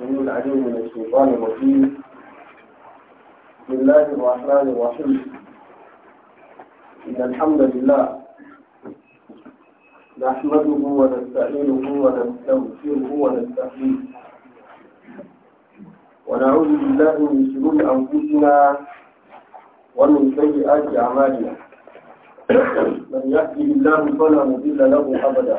من العليم من الشيطان الرجيم بسم الله الرحمن الرحيم إن الحمد لله نحمده ونستعينه ونستغفره ونستهديه ونعوذ بالله من شرور أنفسنا ومن سيئات أعمالنا من يهده الله فلا مضل له أبدا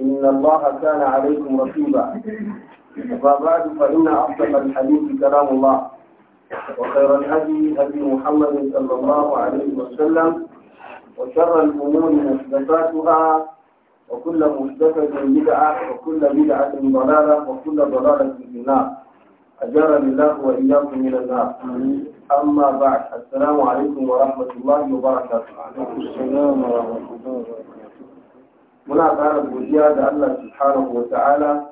إن الله كان عليكم رقيبا وبعد فإن أصدق الحديث كلام الله وخير الهدي هدي محمد صلى الله عليه وسلم وشر الأمور محدثاتها وكل محدثة بدعة وكل بدعة ضلالة وكل ضلالة في النار أجرني الله وإياكم من النار أما بعد السلام عليكم ورحمة الله وبركاته. السلام ورحمة الله وبركاته. muna ƙara godiya da Allah subhanahu wa ta'ala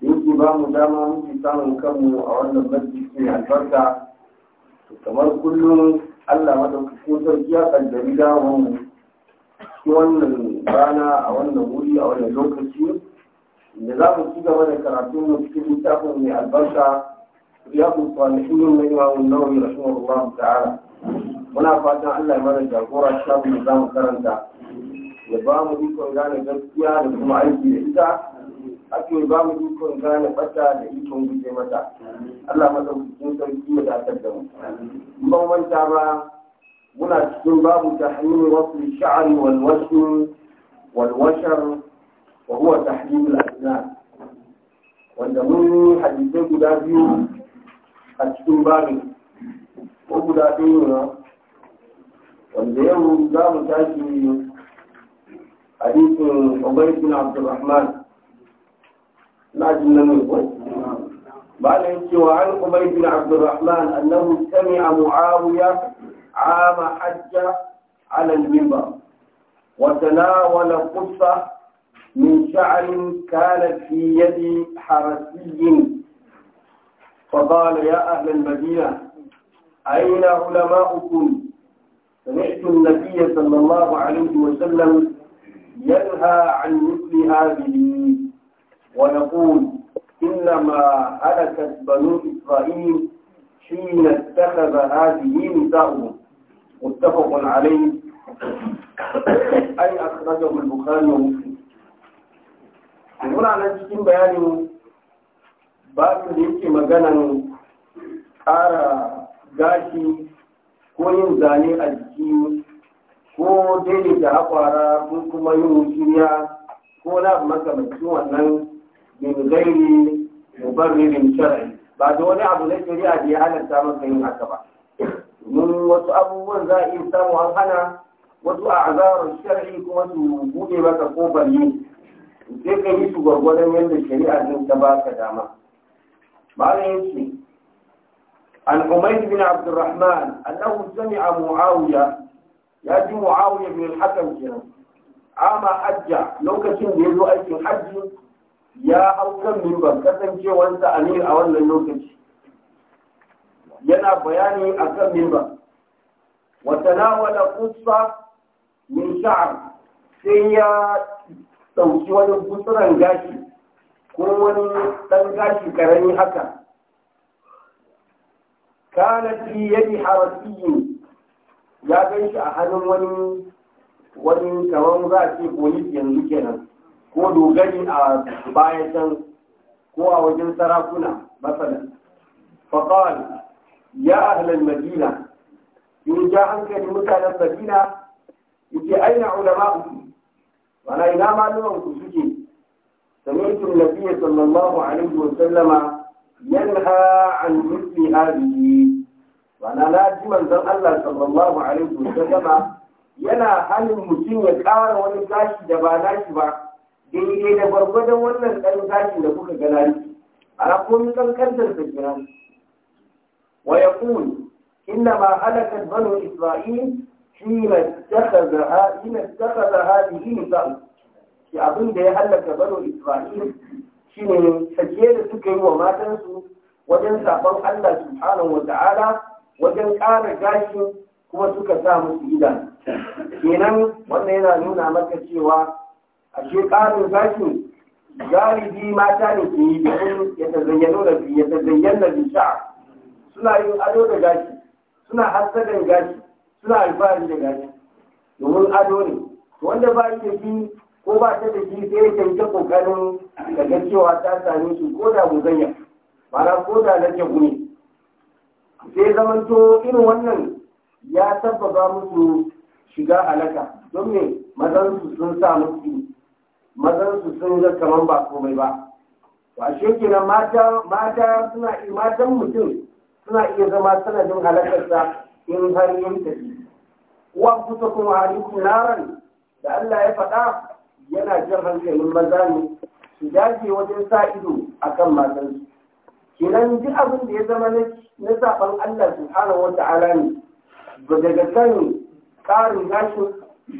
yake ba mu dama muke samun kanmu a wannan barci mai albarka kamar kullum Allah madaukakin sarki ya kaddari dawon mu wannan rana a wannan wuri a wannan lokaci da za mu ci gaba da karatun mu cikin littafin mai albarka ya riyadu salihin na imamu rasuwar rahimahullahu ta'ala muna fatan Allah ya mana jagora shafi da za mu karanta ya ba mu ikon gane gaskiya da kuma aiki da ita ake ba mu ikon gane bata da ikon guje mata Allah madaukakin sarki ya dakar da mu ban manta ba muna cikin babu tahmini wasu sha'ari wal walwashar wal wa huwa tahmini al wanda mun yi hadisai guda biyu a cikin babin ko guda biyu ne wanda yau za mu tashi hadisin Ubayy bin Abdurrahman na jin nan ne ko bayan cewa an Ubayy bin Abdurrahman annahu sami'a Muawiya عام حج على المنبر وتناول قصة من شعر كانت في يد حرسي فقال يا أهل المدينة أين علماؤكم؟ سمعت النبي صلى الله عليه وسلم ينهى عن مثل هذه ويقول إنما هلكت بنو إسرائيل حين اتخذ هذه نساؤهم متفق عليه أي أخرجه البخاري ومسلم هنا نجد بيان babu da yake maganan ƙara gashi ko yin zane ko da akwara ko kuma yin shirya ko na makamancin wannan bin gairi mai shar'i ba da wani abu na shari'a da ya halatta maka yin haka ba domin wasu abubuwan za a iya samu an hana wasu a azarar shar'i kuma su buɗe maka ko yi sai ka yi su gwargwadon yadda shari'a din ta ba ka dama malam yace an umayr bin abdurrahman annahu sami'a muawiya ya ji muawiya bin hakan kenan ama hajja lokacin da ya zo aikin hajji ya hau kan mimbar kasancewarsa amir a wannan lokaci yana bayani a kan mimbar wa tanawala qussa min sha'r sai ya ɗauki wani gutsuran gashi ko wani ɗan gashi karami haka kana fi yadi harasiyin ya gan shi a hannun wani wani kamar za a ce polis yanzu kenan ko dogari a bayan can ko a wajen sarakuna masana faƙawar ya ahalar madina in ja hankali mutanen madina yake aina ulama uku mana ina malaman ku suke سمعت النبي صلى الله عليه وسلم ينهى عن مثل هذه Bana na ji manzon Allah sallallahu alaihi wasallam yana halin mutum ya ƙara wani tashi da ba nashi ba daidai da gwargwadon wannan ɗan tashi da kuka ga nashi ana komi kankantar da jiran. wa yaqul inna ma halakat banu isra'il Shi hina ittakhadha hina ittakhadha hadhihi nizam shi abin da ya halaka banu isra'il shine sake da suka yi wa matansu wajen sabon Allah subhanahu wa ta'ala wajen ƙara gashi kuma suka sa musu idan kenan wannan yana nuna maka cewa ashe ƙarin gashin galibi mata ne ke yi domin ya tazayyano da ya tazayyana biyu sha'a suna yin ado da gashi suna hassadan gashi suna alfahari da gashi domin ado ne wanda ba shi da shi ko ba ta da shi sai ya canza kokarin daga cewa ta same shi ko da muzayya ma'ana ko da na ne sai zamanto irin wannan ya tabbaba musu shiga alaka don me mazansu sun sa musu mazansu sun ga kamar ba komai ba ba shi kenan mata mata suna matan mutum suna iya zama sanadin halakarsa in har yin tafi wa kusa kuma halikun naran da Allah ya faɗa yana jin hankalin maza ne su dage wajen sa ido akan matansu kenan duk abin da ya zama na zaɓen Allah subhanahu wa ta'ala ne ba daga kan ƙarin gashin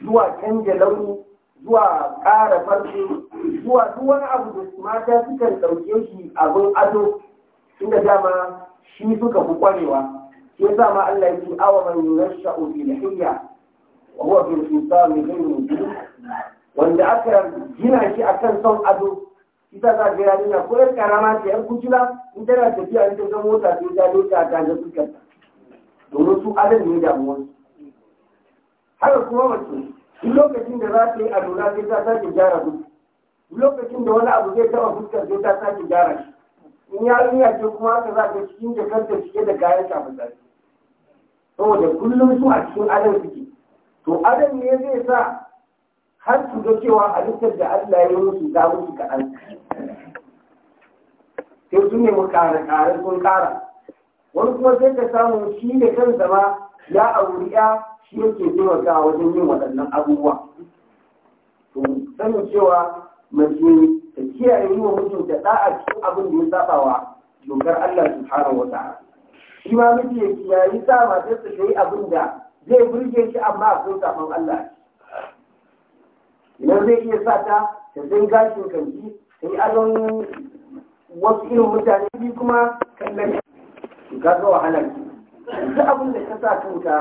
zuwa canja launi zuwa ƙara farko zuwa duk wani abu da mata sukan ɗauke shi abin ado inda dama shi suka fi ƙwarewa ke zama ma Allah ya ce awa man yurasha'u da hiyya wa huwa fi khisam ghayru wanda aka gina shi akan son ado ita za ga yarinya ko yar karama ta yan kujila in tana tafiya in ta ga mota ta ta lota ta ga fuskar ta domin su adam ne damuwar haka kuma mace duk lokacin da za ta yi alura sai ta sake gyara duk lokacin da wani abu zai taba fuskar sai ta sake gyara shi in ya yarinya ce kuma haka za ta cikin jakar ta cike da kayan ta zafi saboda kullum su a cikin adam suke to adam ne zai sa har su ga cewa halittar da Allah ya musu ta musu kaɗan. Sai su nemi ƙara ƙare sun ƙara. Wani kuma sai ka samu shi da kan zama ya auri shi yake taimaka wajen yin waɗannan abubuwa. To sanin cewa mace ta kiyaye yi wa da ɗa'a cikin abin da ya saba wa dokar Allah subhanahu wa ta'ala. Shi ma miji ya kiyaye sa matarsa ta yi abin da zai burge shi amma akwai saɓon Allah idan zai iya sa ta ta zai gashin kanji ta yi adon wasu irin mutane bi kuma kallon su ka ga wahala ki duk abin da ka sa kanka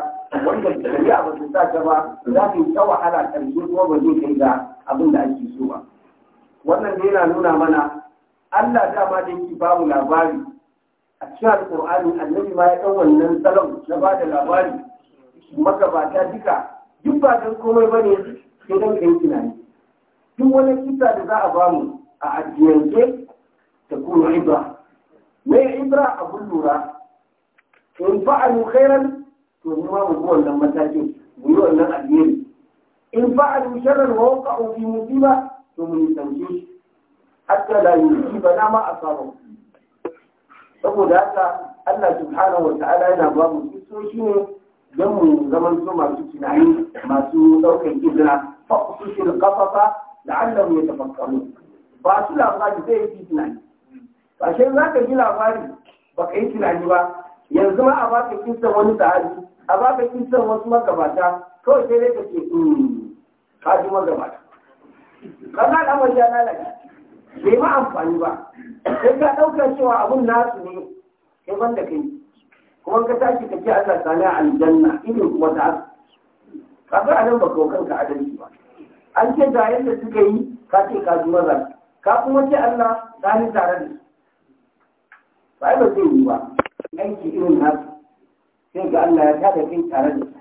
wanda bai ba su sa ta ba za ka yi ta wahala karshe kuma ba zai kai ga abin da ake so ba wannan da yana nuna mana Allah dama da yake ba labari a cikin alƙur'ani annabi ma ya ɗan wannan salon na ba da labari magabata duka duk ba don komai ba ne sai don ka yi tunani duk wani kisa da za a bamu a ajiyance ta kuma ibra mai ibra a lura in fa a fa'alu khairan to ni ma mu wannan matakin mu yi wannan alheri in fa a fa'alu sharran wa waqa'u fi musiba to mu nisanci shi hatta la ba na ma asaba saboda haka Allah subhanahu wa ta'ala yana ba mu kisoshi ne don mu zaman so masu tunani masu ɗaukar Ibra. فاقصص القصص لعلهم يتفكرون ba su labari zai yi tunani ba shi za ka yi labari ba ka yi tunani ba yanzu ma a ba ka kisan wani sahabi a ba ka kisan wasu magabata kawai sai dai ka ce ka ji magabata ka ga al'amari ya lalace bai ma amfani ba sai ta ɗaukar cewa abun nasu ne kai wanda kai kuma ka tashi ka ce Allah sani a aljanna irin kuma ta ka ga anan ba ka kanka adalci ba an ce ga yadda suka yi ka ce ka zuwa zan ka kuma ce Allah ta ni tare da su ba ba zai yi ba aiki irin nasu sai ga Allah ya tada kai tare da su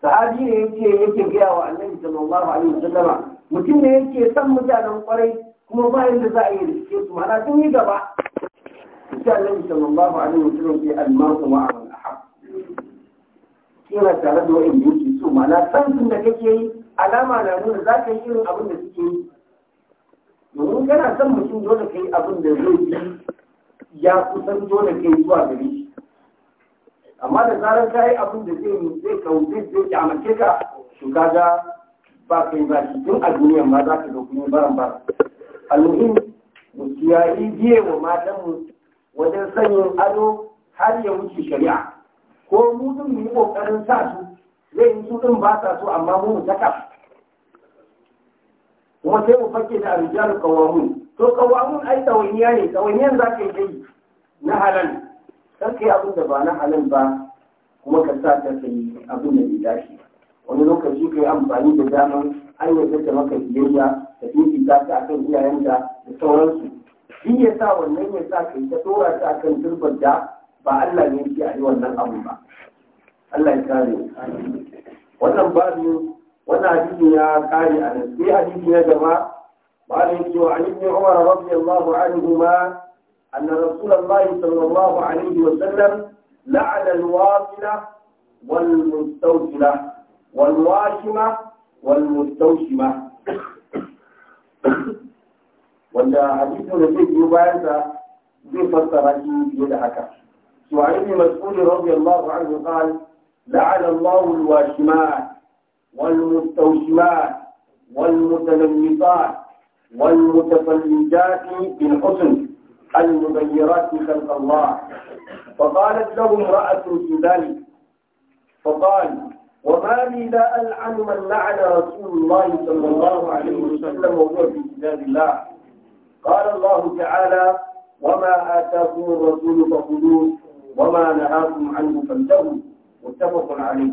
sahabi ne yake yake gaya wa annabi sallallahu alaihi wasallam mutum ne yake san mutanen kwarai kuma ba yadda za a yi suke su mana sun yi gaba sai annabi sallallahu alaihi wasallam ya almasu ma'a man ahab kina tare da wa'in da yake so mana san sun da kake yi alama na nuna za ka yi irin abin da suke yi domin kana son mutum dole ka yi abin da zai yi ya kusan dole ka yi zuwa gari. amma da zarar ka yi abin da zai zai kawo zai zai kyamace ka to kaga ba ka yi zaki tun a duniya ma za ka ga kuma baran baran almuhim ya yi biye wa matanmu wajen sanyin ado har ya wuce shari'a ko mutum mu yi kokarin sa su zai yi su ɗin ba sa so amma mu ta kuma sai mu fake da arjiyar kawamun to kawamun ai tawaniya ne tawaniyan za ka yi dai na halal kar ka yi abin da ba na halal ba kuma ka sa ta sayi abin da bai dace wani lokaci ka yi amfani da daman an da da maka biyayya da fifita ta akan iyayenta da sauransu shi ya sa wannan ya sa ka yi ta dora ta akan turbar da ba Allah ne ya ce a yi wannan abu ba Allah ya kare wannan babu wannan hadisi ya kare a nan sai hadisi ya gaba قال عن ابن عمر رضي الله عنهما أن رسول الله صلى الله عليه وسلم لعن الواصلة والمستوصلة والواشمة والمستوشمة wanda hadisin da zai biyo bayansa zai fassara shi fiye da haka. Suwa ibn Mas'ud radiyallahu anhu qala لعن الله الواشمات والمستوشمات والمتنمطات والمتفلجات بالحسن المغيرات خلق الله فقالت له امرأة في ذلك فقال وما لي لا ألعن من لعن رسول الله صلى الله عليه وسلم وهو في كتاب الله قال الله تعالى وما آتاكم الرسول فخذوه وما نهاكم عنه فانتهوا متفق عليه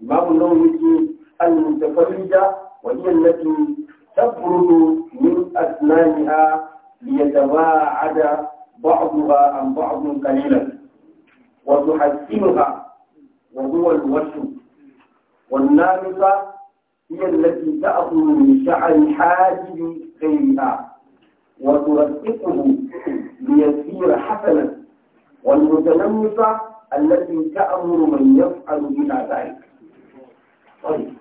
باب النوم المتفرجة وهي التي تخرج من أسنانها ليتباعد بعضها عن بعض قليلا وتحسنها وهو الوش والنامصة هي التي تأخذ من شعر حاجب غيرها وترققه ليسير حسنا والمتنمصة التي تأمر من يفعل بها ذلك طيب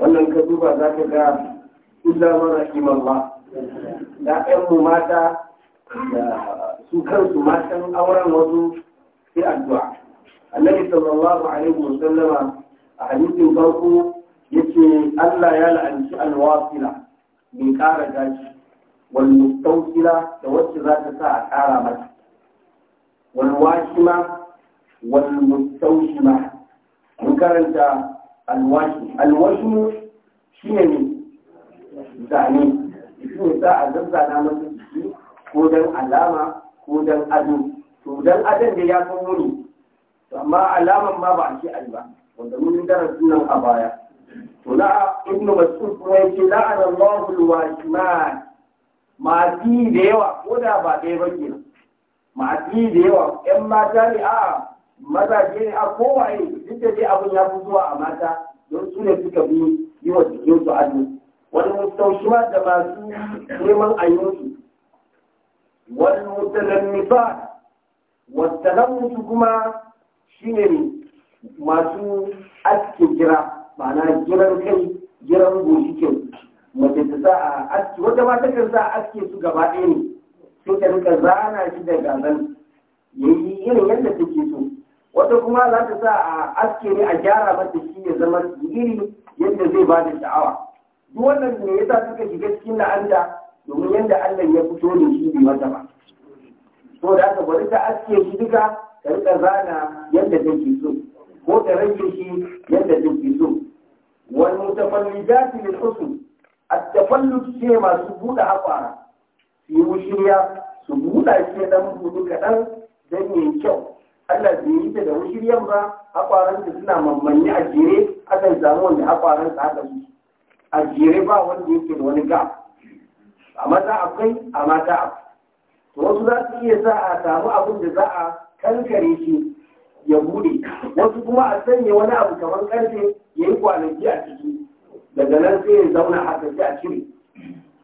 wannan ka duba za ka ga illa mara imallah da ƴanmu mata da su kansu matan auren wasu sai addu'a annabi sallallahu alaihi wa sallama a hadisin farko yace Allah ya la'anci alwasila mai ƙara gashi wal mustawsila da wacce za ta sa a ƙara mata wal washima والمستوشمة مكرنة الوشم الوشم شيء من زعني شيء ساعة زبزة نامة كودن علامة كودن أدو كودن أدن دي يكون مني amma alaman ma ba a ce ai ba wanda mun darasin sunan a baya to la ibn mas'ud kuma yace la'ana Allahu da yawa ko da ba dai ba mati da yawa ƴan mata ne a mazaje ne a kowaye duk da dai abin ya fi zuwa a mata don su ne suka bi yi wa jikin su ado wani mustaushi ma da masu neman ayyuki wani mutanannifa mutu kuma shi ne masu aske jira ma'ana jiran kai jiran goshi kyau mace ta sa a aski wata ma takan sa aske su gaba ɗaya ne sai ta rika zana shi da gazan yayi irin yadda take so wata kuma za ta sa a aske ne a gyara mata shi ya zama iri yadda zai ba da sha'awa duk wannan ne yasa suka shiga cikin la'anta domin yadda Allah ya fito da shi bai mata ba to da aka bari ta aske shi duka ta rika zana yadda take so ko ta rage shi yadda take so wal mutafallijati lil husn at-tafalluj ce masu buɗe akwara. su yi shirya su buɗa shi dan buɗu kaɗan dan yin kyau Allah bai yi ta da wushiryan ba hakwaranta suna mammanni a jere akan samu wanda hakwaranta haka su a jere ba wanda yake da wani gab a mata akwai a mata a wasu za su iya sa a samu abin da za a kankare shi ya bude wasu kuma a sanya wani abu kamar karfe ya yi kwanaki a ciki daga nan sai ya zauna a kashe a cire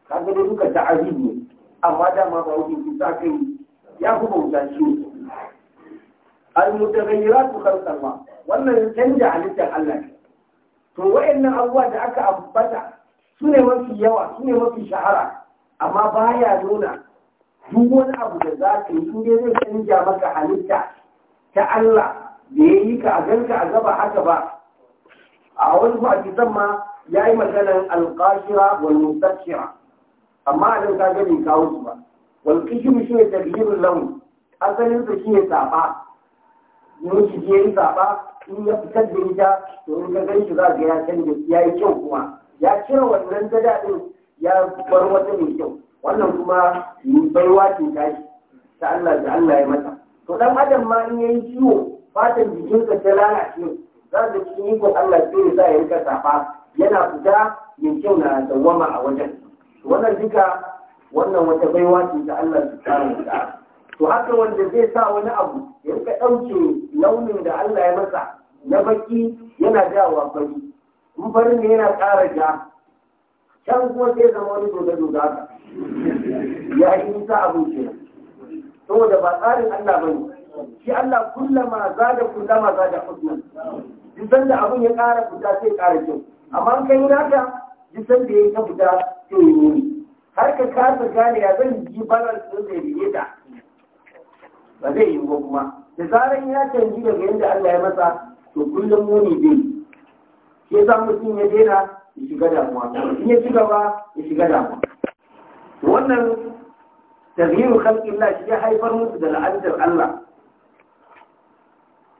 kaga dai duka ta'azibi amma dama ba wuce kusa kai ya fi bauta shi al-mutaghayyiratu khalqa Allah wannan canja halittar Allah ne to wayannan abubuwa da aka ambata sune ne mafi yawa sune mafi shahara amma baya nuna duk wani abu da za ka yi ne zai canja maka halitta ta Allah da ya yi ka a ganka a gaba haka ba a wani hadisan ma ya yi maganar alƙashira wal mustashira amma a ka kaga bai kawo su ba wal kishim shi ne taghyirul lawn asalin shi ne safa yau shi ke zaɓa in ya fitar da ita to in ka gan shi ga ya canza ya yi kyau kuma ya cire wannan ta daɗin ya bar wata mai kyau wannan kuma yi baiwa ce ta shi ta Allah da Allah ya mata to dan adam ma in yayi ciwo fatan jikinsa ta lalace za ga cikin ikon Allah sai ya sa ya rika safa yana fita mai kyau na dawwama a wajen wannan duka wannan wata baiwa ce ta Allah Allah ya ta'ala to haka wanda zai sa wani abu ya rika ɗauke launin da Allah ya masa na baki yana jawa fari in farin ne yana ƙara ja can kuma sai zama wani doga doga haka ya yi nisa abin kenan saboda ba tsarin Allah ba ne shi Allah kullama zada kullama zada husnan duk da abin ya ƙara fita sai ƙara kyau amma kai naka duk da ya ta fita sai ya yi har ka kasa gane ya zan yi balance ɗin da ya ba zai yi kuma da zaran ya canji daga yadda Allah ya masa to kullum muni bai shi samu sun ya daina ya shiga damuwa in ya shiga ba ya shiga damuwa wannan taghiru khalqillah shi ya haifar musu da la'adar Allah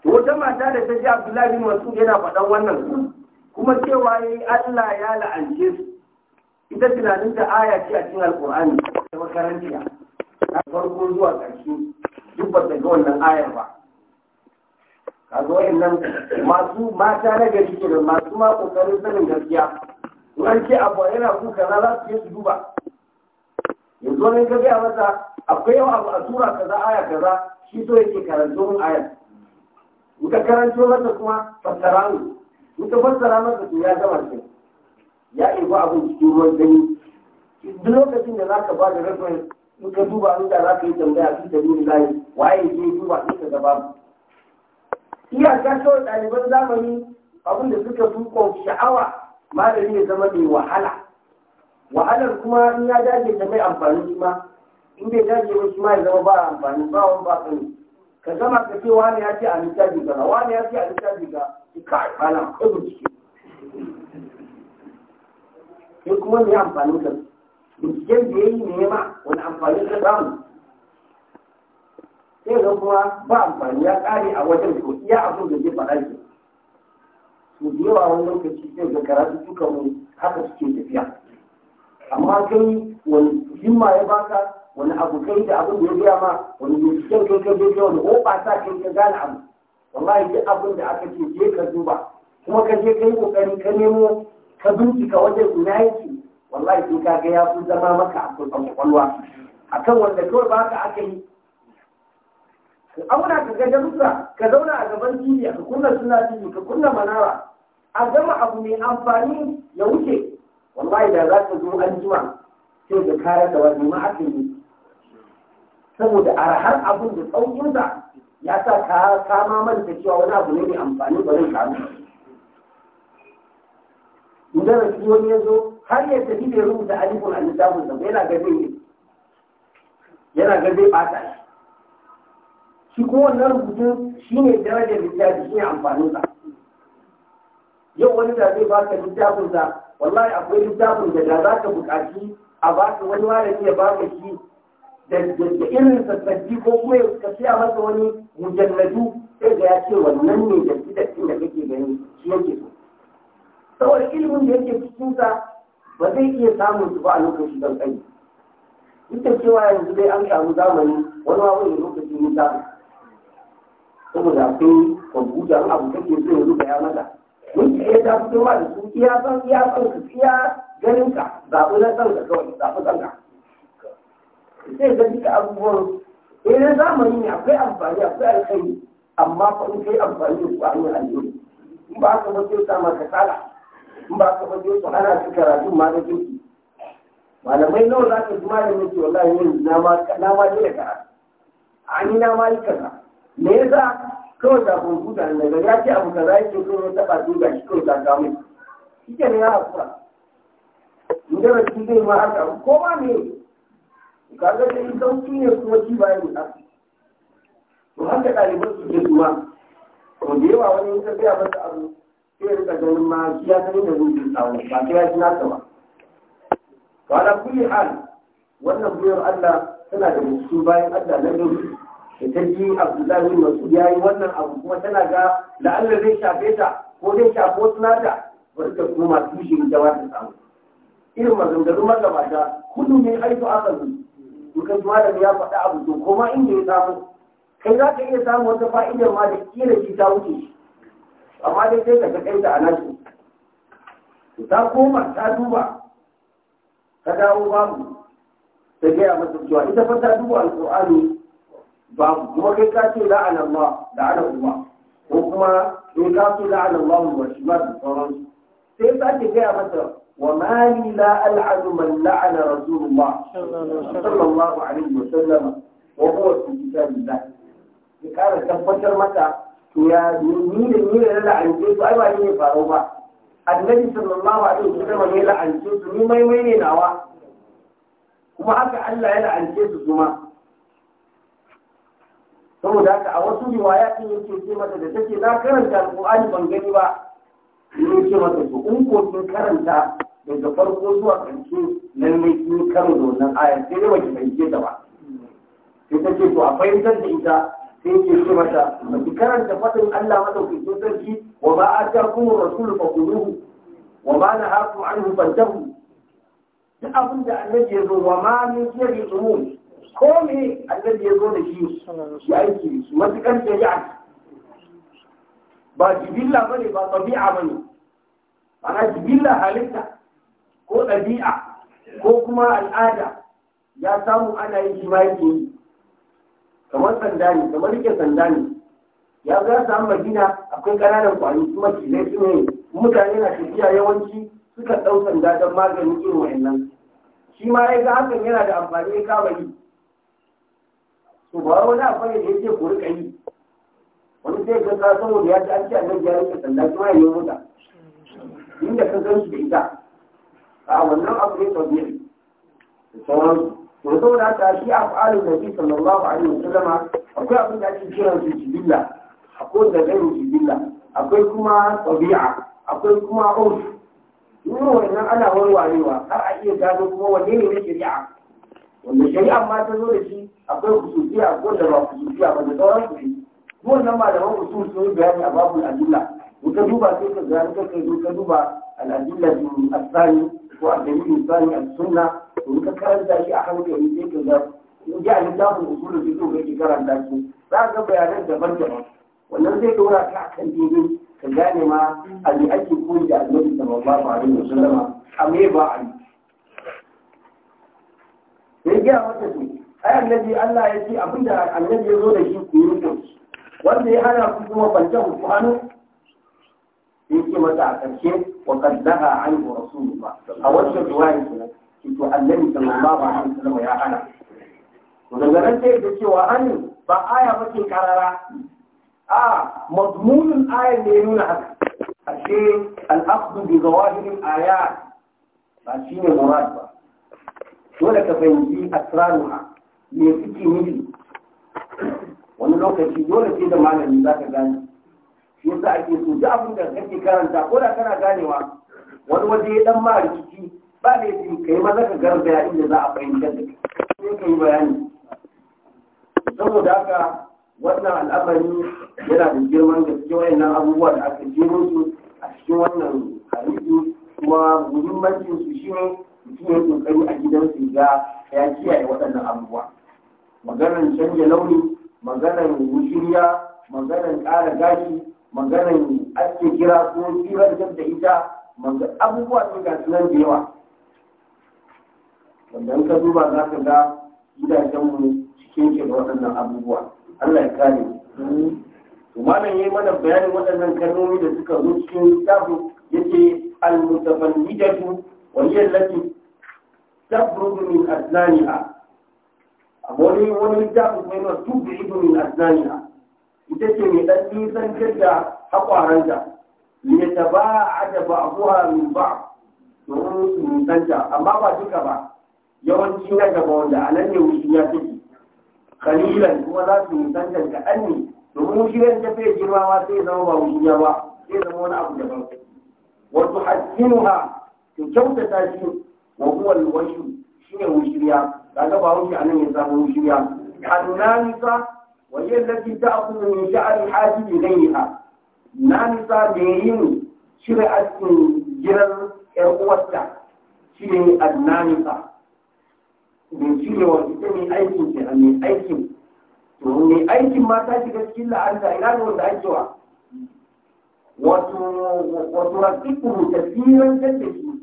wata mata da ta ji Abdullahi bin Mas'ud yana faɗan wannan kuma cewa ya yi Allah ya la'ance su ita tunanin da aya ce a cikin Alƙur'ani ta makarantiya a farko zuwa ƙarshe duk ba ga wannan ayar ba kaga wayannan masu mata na gari ke masu ma kokarin sanin gaskiya in an ce abu yana kuka na za su je su duba yanzu wani ka gaya masa akwai yawa abu a tura kaza aya kaza shi so yake karanto min ayar in ka karanto masa kuma fassara mu in ka fassara masa to ya gama shi ya ɗebo abin cikin ruwan gani duk lokacin da za ka ba da reference in ka duba an da za ka yi tambaya fi da nuna layi waye ke duba sai ka gaba iyaka kawai ɗaliban zamani abin da suka fi sha'awa malami ya zama mai wahala wahalar kuma in ya dace da mai amfani shi ma in bai dace ba shi ma ya zama ba amfani ba wani ba sani ka zama ka ce wani ya ce a littafi kaza wani ya ce a littafi ka ki kai malam kai bincike sai kuma mai amfani ka binciken da ya yi ne ma wani amfani ka samu sai ga kuma ba amfani ya kare a wajen to iya abin da zai faɗa ke to da yawa wani lokaci sai ga karatu suka mu haka suke tafiya amma kai wani himma ya baka wani abu kai da abin da ya biya ma wani binciken kai ka je wani hoɓa sa kai ka gane abu wallahi duk abin da aka ce je ka duba kuma ka je ka yi ƙoƙari ka nemo ka bincika wajen ina yake wallahi sun ka ga ya fi zama maka a kwakwalwa a kan wanda kawai ba ka aka yi ka auna ka ga darussa ka zauna a gaban tv ka kunna suna tv ka kunna manara a gama abu mai amfani ya wuce wallahi da za ka zo an jima sai da kare da wani ma aka yi saboda arhar abin da da ya sa ka kama manta cewa wani abu ne mai amfani ba zai kamu. Idan wani ya zo har ya tafi bai rubuta alifun a littafin sa yana ga zai yana ga zai bata shi shi kuma wannan rubutu shi ne darajar littafi shi ne amfanin sa yau wani da zai baka littafin sa wallahi akwai littafin da da za ka buƙaci a baka wani da ya baka shi da irin sassabi ko kuma ka siya masa wani mujalladu sai ga ya ce wannan ne da da kake gani shi yake so saboda ilimin da yake cikin sa ba zai iya samun su ba a lokaci don kai duk da cewa yanzu dai an samu zamani wani ma wani lokaci ne ta saboda akwai kwamfuta an abu kake so yanzu ya mata mun ce ta fito ma da su iya san iya san ka iya ganin ka zaɓi na san ka kawai zaɓi san ka sai ga duka abubuwan eh na zamani ne akwai amfani akwai alkhairi amma fa in kai amfani da su a hanyar in ba ka baje su ana su karatu ma da jinki malamai nawa za ka ji malamin ce wallahi yin na ma na ma dole karatu ani na ma yi kaza me yasa kawai da kun buga ne Daga ya ce abu kaza yake so ya taba duba shi kawai da ka mai shi ke ne ya hakura in da shi zai ma haka ko ma ne kaga da in sun ne kuma shi ba ya buƙata to haka ɗaliban su ke zuwa to da yawa wani in ka gaya masa sai rika ganin ma shi ya san yadda ba sai ya shi ba hal wannan buyar Allah tana da musu bayan Allah na da ta ji Abdullahi Masud ya yi wannan abu kuma tana ga la'alla zai shafe ta ko zai shafe wasu nata bari ta kuma masu tushe da wata samu irin maganganun magabata kudu ne aiki aka zo dukan malam ya faɗa abu to koma inda ya samu kai za ka iya samun wata fa'idar ma da kila shi ta wuce shi amma dai sai ka ga kai da anashi to ta koma ta duba ka dawo babu ta gaya masa cewa ita fa ta duba alƙur'ani babu kuma kai ka ce la'ana da ana kuma ko kuma kai ka ce la'ana Allah wa shi ma da sauransu sai ta ce gaya masa wa وما لي لا ألعن من لعن رسول الله صلى الله عليه kuma وهو في كتاب da ya ƙara tabbatar mata to ya ni da ni da la'ance su ai ba ni ne faru ba annabi sallallahu alaihi wasallam ne la'ance su ni maimai ne nawa kuma haka Allah ya la'ance su kuma saboda haka a wasu riwaya din yake ce mata da take na karanta al-qur'ani ban gani ba ni ce mata to in ko kin karanta daga farko zuwa ƙarshe lallai kin karo wannan ayar sai dai baki fahimce ta ba sai take to a fahimtar da ita sai yake ce mata ki karanta fadin Allah madaukakin sarki wa ma kuma rasulu fa khudhuhu wa ma nahakum anhu fantahu duk abin da annabi ya zo wa ma min sirri umum ko me annabi ya zo da shi ya aiki su matukar shari'a ba jibilla bane ba tabi'a bane ana jibilla halitta ko ɗabi'a ko kuma al'ada ya samu ana yin shi ma yake yi kamar sanda ne kamar rike sanda ne ya ga Amma madina akwai kananan kwani kuma kile su ne mutane na tafiya yawanci suka sau sanda don maganin irin wayannan shi ma ya ga hakan yana da amfani ya kama yi to ba wani abu ne da yake ku rika yi wani sai ka saboda ya ji an ce annabi ya rike sanda kuma ya yi mota inda ka san shi da ita a wannan abu ne tabbiyar da sauransu to saboda ta shi af'alun nabi sallallahu alaihi wasallam akwai abin da ake kiran su jibilla akwai da gairu jibilla akwai kuma tabi'a akwai kuma urf irin wannan ana warwarewa har a iya gano kuma wanne ne na shari'a wanda shari'a ma ta zo da shi akwai kusurciya akwai da ba kusurciya ba da sauran su ne wannan malaman usul sun yi bayani a babu adilla in ka duba sai ka gani ka kai ka duba al-adilla asani ko al-dalil sani a sunna in ka karanta shi a hankali sai ka ga in ji a littafin usulun da ka ke karanta shi za ka ga bayanan daban-daban wannan zai dora ka akan daidai ka gane ma a me ake koyi da annabi sallallahu alaihi wasallam a me ba a yi sai gaya mata to ai annabi Allah ya ce abinda annabi ya zo da shi ku yi hukunci wanda ya hana ku kuma bancan ku hannu ke mata a ƙarshe wa kaddaha anhu ba, a wancan riwayar kenan to annabi sallallahu alaihi wasallam ya hana to daga nan sai da cewa an ba aya ba ce karara a mazmunin aya ne nuna haka ashe al-aqdu bi zawahirin ayat ba shi ne murad ba dole ka fahimci asraruha me suke nufi wani lokaci dole sai da malami za ka gane shi yasa ake so duk abin da kake karanta ko da kana ganewa wani waje ya dan ma rikici ba da yi ka yi maza ka garzaya inda za a fahimtar da sai ka yi bayani saboda haka wannan al'amari yana da girman gaske wayannan abubuwa da aka je musu a cikin wannan hadisi kuma muhimmancin su shi ne mutum kokari a gidan ga ya kiyaye waɗannan abubuwa maganar canja launi maganar wushiriya maganar ƙara gashi maganar ake kira ko tsirar da ita abubuwa ne ga sunan da yawa wanda in ka duba za ka ga gidajenmu cikin ke da waɗannan abubuwa Allah ya kare to malam yayi mana bayanin waɗannan kalmomi da suka zo cikin littafin yace al-mutafannidatu wa hiya allati tabrudu min asnaniha wani wani littafin mai ma tubridu min asnaniha ita ce mai ɗan nisan da hakwaranta liyataba'ada ba'daha min ba'd domin su nisanta amma ba duka ba yawanci na gaba wanda a nan ne ya fi kalilan kuma za su nisanta kaɗan ne domin wuciyar ta girma girmawa sai zama ba ya ba sai zama wani abu daban wasu ha su kyautata shi wa shi ne shine ya kaga gaba wuce a nan ya samu wuciya annanisa wa shi allati ta'khudhu min sha'ri hajji ilayha nanisa da ya yi yin shir'atin gidan yar uwarta shine N'anisa. Mai cire wa ita mai aikin ke a mai aikin to mai aikin ma ta shiga cikin la'anta ina da wanda ake wa wato wato rafiku ta tsiran da shi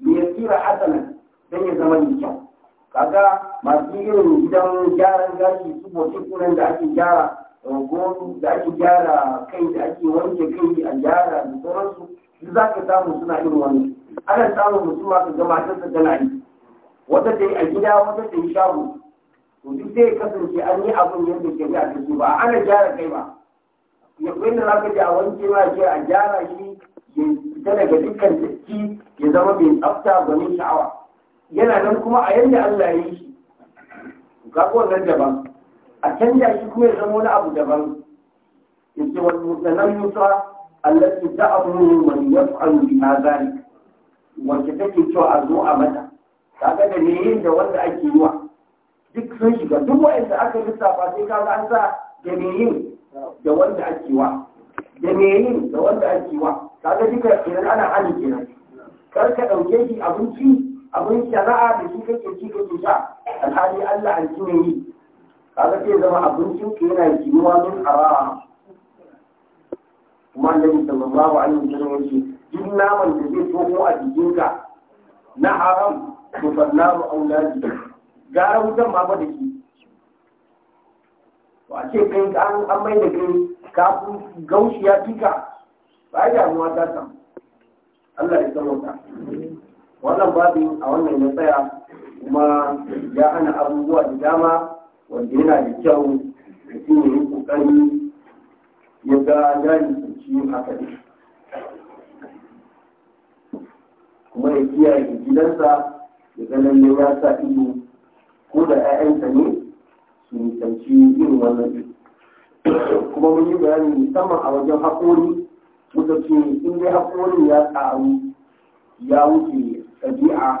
ne ya kira hasana don ya zama mai kyau kaga masu irin gidan gyaran gashi su bote kunan da ake gyara gonu da ake gyara kai da ake wanke kai a gyara da sauransu duk za ka samu suna irin wani ana samun mutum ma ka ga matarsa tana wata ta yi a gida wata ta yi shago to duk zai kasance an yi abin yadda ke a da ba ana gyara kai ba ya kwenda za ka ji a wanke ma ke a gyara shi ya fita daga dukkan datti ya zama mai tsafta gwanin sha'awa yana nan kuma a yadda Allah ya yi shi ga wannan daban a canja shi kuma ya zama wani abu daban yace wal mutanammusa allati ta'muru man yaf'alu bi hadhalik wacce take cewa a zo a mata kaga da me yin da wanda ake yi wa duk sun shiga duk wa'anda aka lissafa sai kaga an sa da me yin da wanda ake yi wa da me yin da wanda ake yi wa kaga duka kenan ana hali kenan kar ka ɗauke shi abinci abin shari'a da shi kake ci kake sha alhali Allah an kine yi kaga sai zama abincin ka yana kimuwa min haram kuma annabi sallallahu alaihi wasallam yace duk naman da zai tomo a jikinka na haram to bannaru auladi gara wutan ma ba da shi to kai an an mai da kai ka gaushi ya tuka ba ya damuwa ta samu Allah ya wata. wannan babin a wannan ya tsaya kuma ya hana abubuwa da dama wanda yana da kyau da shi ne yin kokari ya ga jari shi haka kuma ya kiyaye gidansa daga nan ne ya sa ido ko da 'ya'yanta ne su nisanci irin wannan kuma mun yi bayani musamman a wajen haƙori muka ce in dai haƙorin ya ƙaru ya wuce ɗabi'a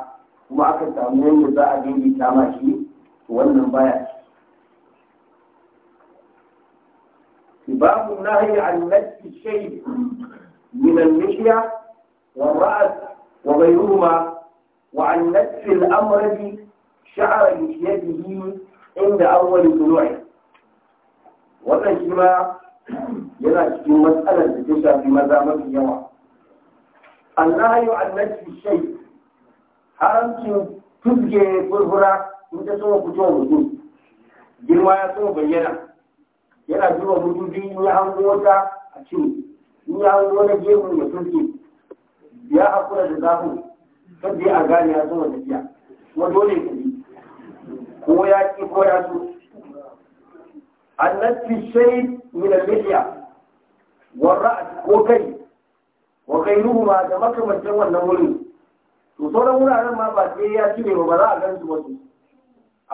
kuma aka samu yadda za a daidaita ma shi wannan baya باب النهي عن مد الشيء من المشية والرأس وغيرهما وعن نتف الأمرد شعر بيده عند أول طلوعه wannan shi ma yana cikin matsalar da ta shafi maza mafi yawa Allah annahayu annabi shai. haramcin tuzge furfura in ta so fito mutum girma ya so bayyana yana duba mutum in yi hango wata a cikin. in ya hango wata gemun ya tuzge ya hakura da zafin kada ya gane ya zama tafiya kuma dole ka bi ko ya ki ko ya so annati shay min al-lihya wa ra'd ko kai wa ma da makamantan wannan wurin to sauran wuraren ma ba sai ya cire ba za a gan su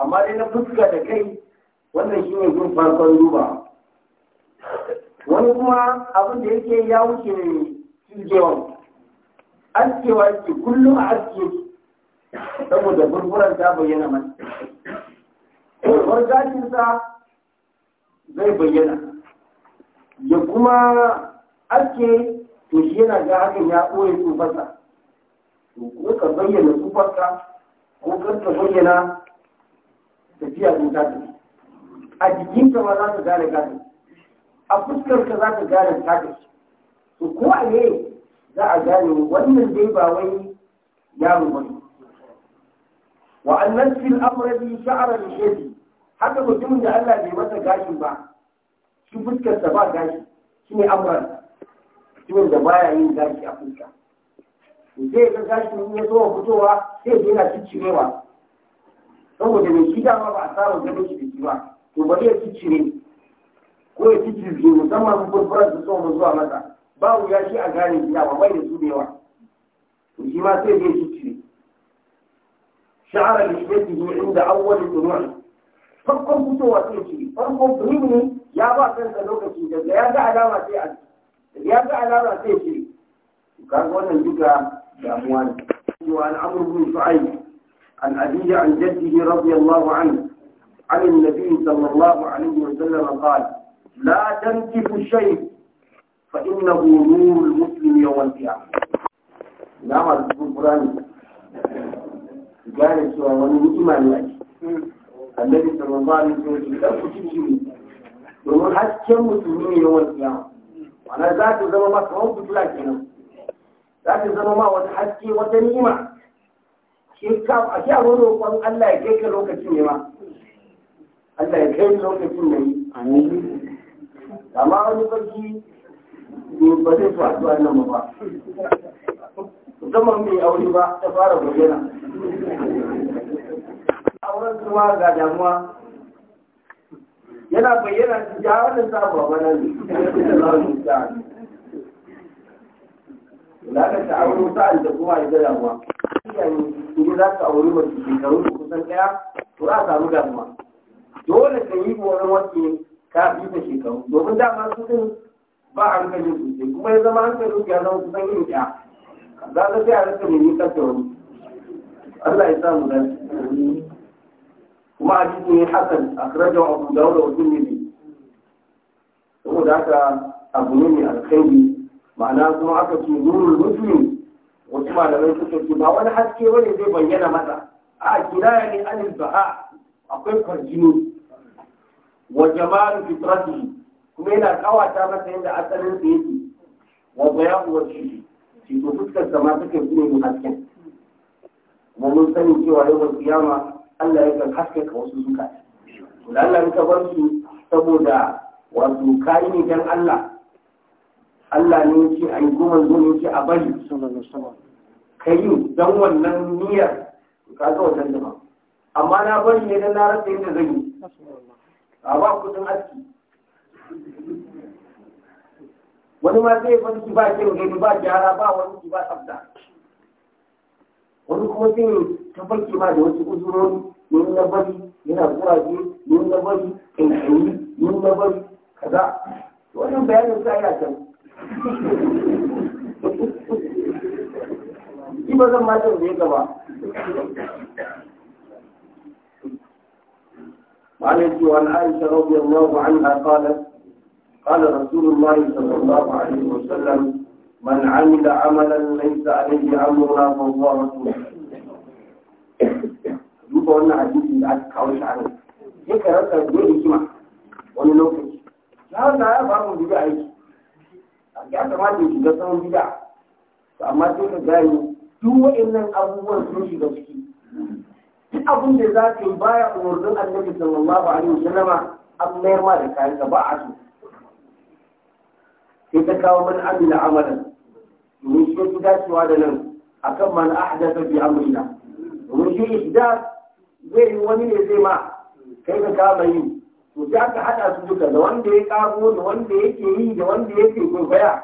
amma dai na fuska da kai wannan shine gun farkon duba wani kuma abin da yake ya wuce ne jewa an cewa ke kullum a aski saboda burburan ta bayyana mai burbar gashinsa zai bayyana ya kuma aske to shi yana ga hakan ya ɓoye tsufarsa ko ka bayyana tsufarsa ko kar ka bayyana tafiya ko ta tafi a jikinka ba za ka gane gane a fuskarka za ka gane ta tafi to ko a ne za a gane wannan dai ba wai yaro ba ne wa annan fil amradi sha'ara shadi haka mutumin da Allah bai masa gashi ba shi fuskar sa ba gashi shine amran mutumin da baya yin gashi a fuska zai ga gashin ya zo fitowa sai yana ciccirewa saboda mai shi dama ba a samu ganin shi da ba to bari ya ciccire ko ya ciccire musamman furfuran su so mu zuwa masa Babu ya shi a gane gida ba bai da su da yawa to shi ma sai zai cire sha'ara da shi inda awwal dunuwa farkon fitowa sai shi farkon birni ya ba kansa lokaci daga ya ga alama sai a ya ga alama sai shi kaga wannan duka damuwa ne وعن عمرو بن شعيب عن أبيه عن جده رضي الله عنه عن النبي صلى الله عليه وسلم قال لا تنكف الشيء فإنه نور المسلم يوم القيامة نعم القرآن gane cewa wani ni'ima ne ake annabi sallallahu alaihi wasallam dan kuci ne domin hasken musulmi ne yawan kiyama ana za ta zama ma kamar fitila kenan za ta zama ma wata haske wata ni'ima shi ka a shi abin roƙon Allah ya kai ka lokacin ne ma Allah ya kai wani sarki ba zai fi addu'a nan ba musamman mai aure ba ta fara bayyana auren kuma ga damuwa yana bayyana su ja wannan sabuwa ba nan da ta aure sa'an da kuma ita damuwa idan za ka auri aure mace shekaru da kusan ɗaya to za a samu damuwa dole ka yi wani wani ka fi ta shekaru domin dama su din ba a rika yin zuciya kuma ya zama hankali zuciya zama kusan yin ya za ka sai a rika mai yi kasa wani Allah ya samu dan kuma a jikin yi hasan a kirajen abu da wanda wasu ne ne saboda haka abu ne mai alkhairi ma'ana kuma aka ce nurul muslim wasu malamai suka ce ba wani haske wani zai bayyana masa a kiraya ne anil ba'a akwai kwarjini wa jama'ar fitratihi kuma yana kawata masa yadda asalin sa yake wa bayahu wa shi shi ko fuskar sa ma take kuma yin hasken kuma mun sani cewa yau yama. Allah ya kan haske ka wasu suka to Allah ya bar su saboda wato kai ne dan Allah Allah ne yake ayi kuma zo ne yake a bari sallallahu alaihi wasallam kai dan wannan niyyar ka ga wannan da amma na bari ne dan na rasa yadda zan yi a ba kudin aski wani ma zai wani ki ba kyau gani ba gyara ba wani ki ba tsafta wani kuma sai ta farki ma da wasu uzurori yin na bari yana kuraje yin na bari kankayi yin na bari kaza wannan bayanin sa yana can shi ba zan ma zan zai gaba وعن عائشة رضي الله عنها قالت قال رسول الله صلى الله عليه وسلم من عمل عملا ليس عليه امرنا فهو رسول duba wannan hadisi da aka kawo shi a nan sai ka rasa zai hikima wani lokaci na ya bida aiki ya kamata ya shiga bida to amma sai ka duk wa'annan abubuwan sun shiga ciki duk abin da za ka yi baya umarnin annabi sallallahu alaihi wasallama an mayar ma da kayan ka a so sai ta kawo man Amina amalan domin shi yake dacewa da nan a akan man ahdatha fi amrina domin shi ihdath zai yi wani ne zai ma kai ka kama yi to za ka haɗa su duka da wanda ya kago da wanda yake yi da wanda yake gwagwaya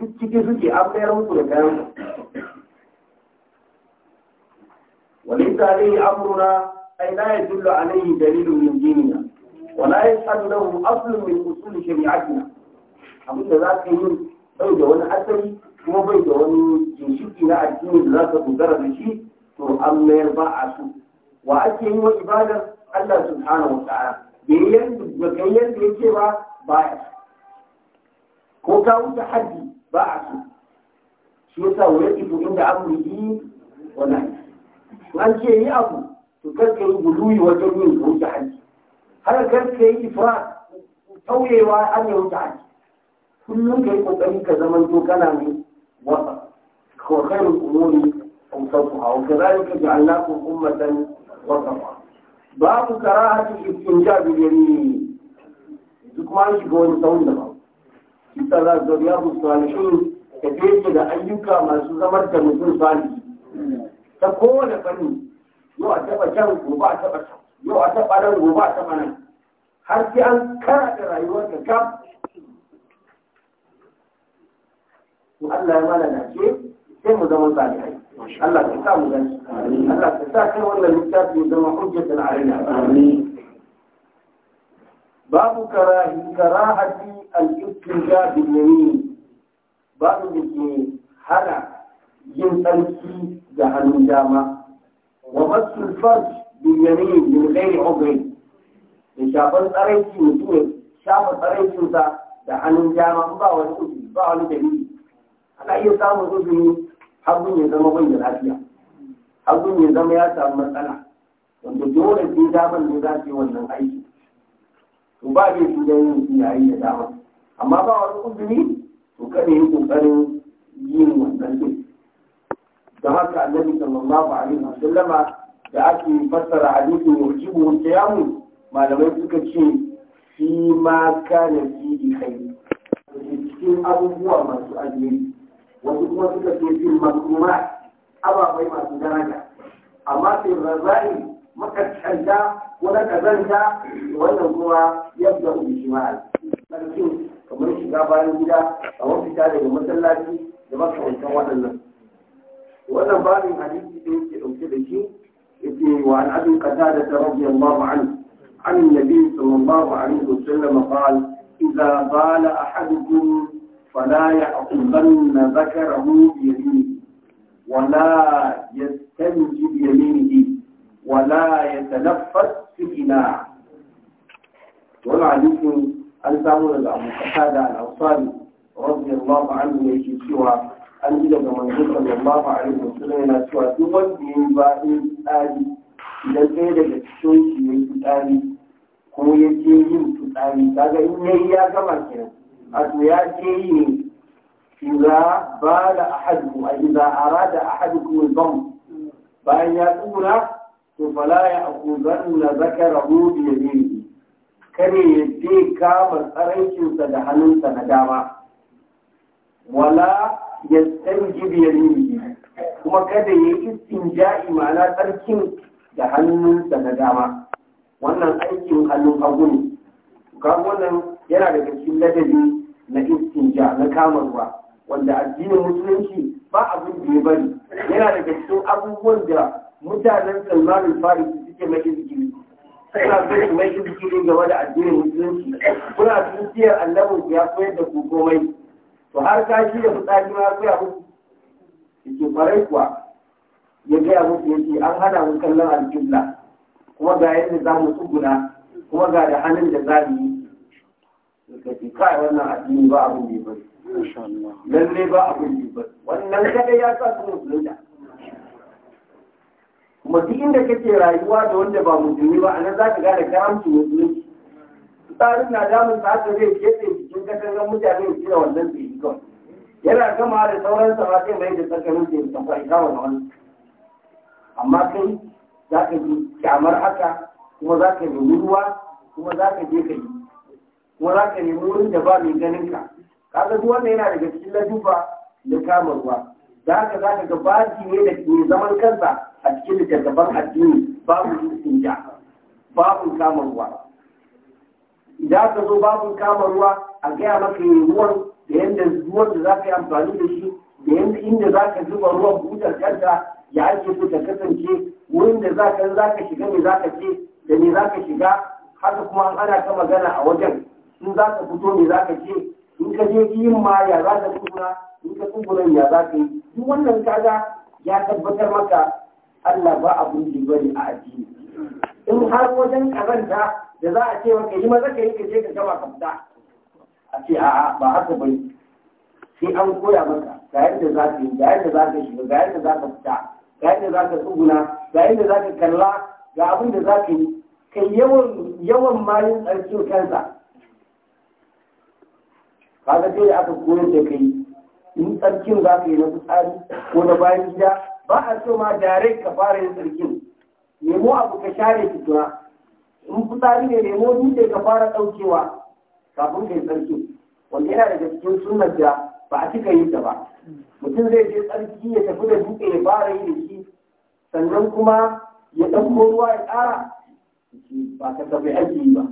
duk ciki suke an mayar muku da kayan na ya أمرنا أي dalilin يدل عليه دليل من ديننا ولا يشهد له أصل من أصول شريعتنا abin da za ka yi bai da wani asali kuma bai da wani ginshiki na addini da za ka dogara da shi to an mayar ba a su wa ake yi wa ibadar Allah subhanahu wa ta'ala da yanda da kai yanda yake ba ba a su ko ka wuce haddi ba a su shi yasa wa yake to inda abu yi wa nahi an ce yi abu to kar ka yi guluyi wajen yin wuce haddi har kar ka yi ifrat tauyewa an yi wuce haddi kullum kai kokari ka zama to kana ne wa khairul umuri awsatuha wa kadhalika ja'alnakum ummatan wasata babu karahati istinja bil yamin duk ma shi ga wani tsawon da ba ta za su ya bu salihin ka dace da ayyuka masu zamar da mutum salihi ta kowane fanni yau a taɓa can gobe a taɓa can yau a taɓa nan gobe a taɓa nan har sai an karata da rayuwar ka kaf to Allah ya mana sai mu zama salihai Allah ka sa mu dace Allah ka sa kai wannan littafi ya zama hujjatul alaina amin babu karahi karahati al-ibtida bil yamin babu dake hana yin tsarki da hannun dama wa masul farj bil yamin bil ghairi udri da shafan tsaraici mutum ya shafa tsaraicinsa da hannun dama ba wani uzuri ba wani dalili ana iya samun uzuri hagun ya zama wani lafiya hagun ya zama ya samu matsala wanda dole sai damar ne za su yi wannan aiki to ba zai shi da yin su yayi da dama amma ba wani uzuri to kada yi kokarin yin wannan din da haka annabi sallallahu alaihi wasallama da ake fassara hadisin yujibu wa qiyamu malamai suka ce fi ma kana fi kai cikin abubuwa masu alheri wasu kuma suka ce fil mazkurat ababai masu daraja amma fil razai makaskanta ko na kazanta wannan kuma yadda ubi shimal sarkin kamar shiga bayan gida wasu ta daga masallaci da makamantan waɗannan wannan babin hadisi da yake ɗauke da shi yake wa an kasa da ta rabbi Allah ma'an عن النبي صلى الله عليه وسلم قال إذا فلا يأخذن ذكره بيمينه ولا يستنجي بيمينه ولا يتنفس في الإناء والعديث أن تعمل هذا الأوصال رضي الله عنه يجي سوى أن إذا من صلى الله عليه وسلم إلى سوى دول من بائن آلي إذا كان لك تشوي في آلي ko ya je yin fitsari kaga in yayi ya أتياتي إذا بال أحدكم أي إذا أراد أحدكم الضم فإن يقول فلا يأخذن ذكره بيمينه kada ya je kama tsaraikinsa da hannunsa na dama wala ya kuma kada ya yi ja'i ma'ana tsarkin da hannunsa na dama wannan aikin hannun hagu ne kaga wannan yana daga cikin ladabi na istinja na kama ruwa wanda addinin musulunci ba abin da ya bari yana daga cikin abubuwan da mutanen salmanin farisi suke mai izikiri suna zai su mai izikiri game da addinin musulunci kuna tuntiyar annabin ya koyar da ku komai to har ka shi da fitsari ma koya muku yake kwarai kuwa ya gaya muku yake an hana mu kallon alƙibla kuma ga yadda za mu tsuguna kuma ga da hannun da za mu yi suka kai wannan addini ba abu ne ba, bari lalle ba abin ne ba, wannan kada ya sa su musulunta kuma duk inda kake rayuwa da wanda ba musulmi ba anan za ka gane karamci musulunci tsarin na damun sa haka zai kefe jikin katangar mutane su da wannan tsaye kawai yana gama da sauran samarai mai da tsakanin su ya tafi aika wa wani amma kai za ka ji kyamar haka kuma za ka yi ruwa kuma za ka je ka yi kuma za ka nemi wurin da ba mai ganin ka kaga duk wanda yana daga cikin ladufa da kama ruwa da haka za ka ga baji ne da ke zaman kansa a cikin littattafan addini babu ja, babu kama ruwa idan ka zo babu kama ruwa a gaya maka yin ruwan da yadda ruwan da za ka yi amfani da shi da yadda inda za ka zuba ruwan butar kanta ya ake so ta kasance wurin da za ka za ka shiga me za ka ce da me za ka shiga haka kuma an ana ta magana a wajen in za ka fito ne za ka je in ka je yin ma ya za ka kubura in ka tsuguran ya za ka yi duk wannan kaga ya tabbatar maka Allah ba abun da bari a addini in har wajen karanta da za a ce maka yi maza ka yi ka je ka gama ka fita a ce a'a ba haka bane sai an koya maka ga yadda za ka yi ga yadda za ka shiga ga yadda za ka fita ga yadda za ka tsuguna ga yadda za ka kalla ga abin da za ka yi kai yawan yawan ma tsarki kansa kaga dai da aka koyar da kai in tsarkin za ka yi na fitsari ko na bayan gida ba a so ma direct ka fara yin tsarkin nemo abu ka share fitura. in fitsari ne nemo dutse ka fara ɗaukewa kafin ka yi tsarkin wanda yana da cikin sunnar da ba a cika yin ta ba mutum zai je tsarki ya tafi da dutse ya fara yi da shi sannan kuma ya ɗauko ruwa ya ƙara ba ka ake yi ba